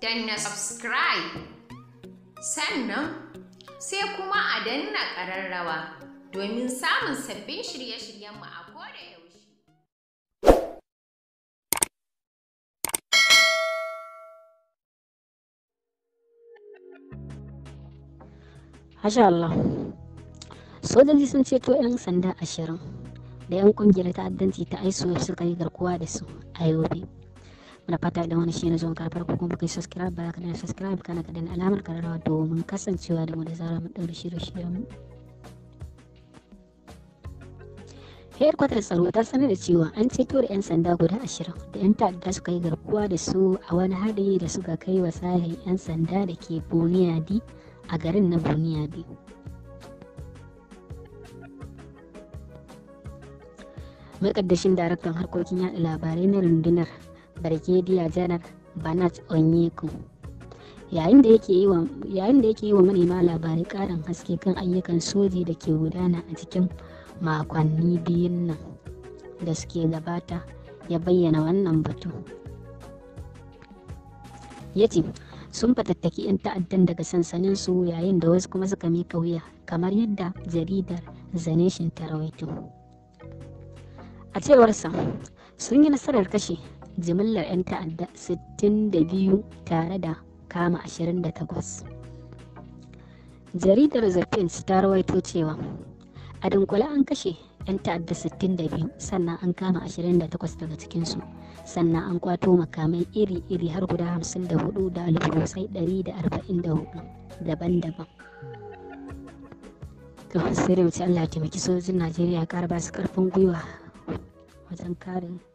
danna subscribe sannan sai kuma a danna ƙararrawa domin samun sabbin shirye-shiryenmu a koda yaushe. Masha Allah. Sojoji sun ceto 'yan sanda ashirin da 'yan kungiyar ta'addanci ta ISO suka yi garkuwa da su a Yobe. da fata idan wani shine zuwan karfar ko kuma kai subscribe ba ka da subscribe kana ka da alamar kararrawa domin kasancewa da mu da zarar mun daura shirye-shiryen kwatar tsaro ta sanar da cewa an ceto da 'yan sanda guda ashirin da 'yan ta'adda suka yi garkuwa da su a wani haɗari da suka kai wa tsarin 'yan sanda da ke buniyadi a garin na buniyadi makaddashin daraktan harkokin yada labarai na rundunar Brigadier Janar Banat Onyeko. Yayin da yake yi wa manema labarai ƙarin haske kan ayyukan soji da ke gudana a cikin makonni biyun nan da suke gabata ya bayyana wannan batu. Ya ce, sun fatattaki 'yan ta'addan daga sansanin su yayin da wasu kuma suka mika wuya kamar yadda jaridar the ta rawaito a cewarsa sun yi nasarar kashe jimillar 'yan ta'adda 62 tare da kama 28 jaridar the pins ta rawaito cewa a dunkule an kashe 'yan ta'adda 62 sannan an kama 28 daga cikinsu sannan an kwato makamai iri-iri har guda 54 da alburusai 144 daban-daban ga wasu sai da wuce allah taimaki sojojin najeriya kara ba su karfin gwiwa wajen karin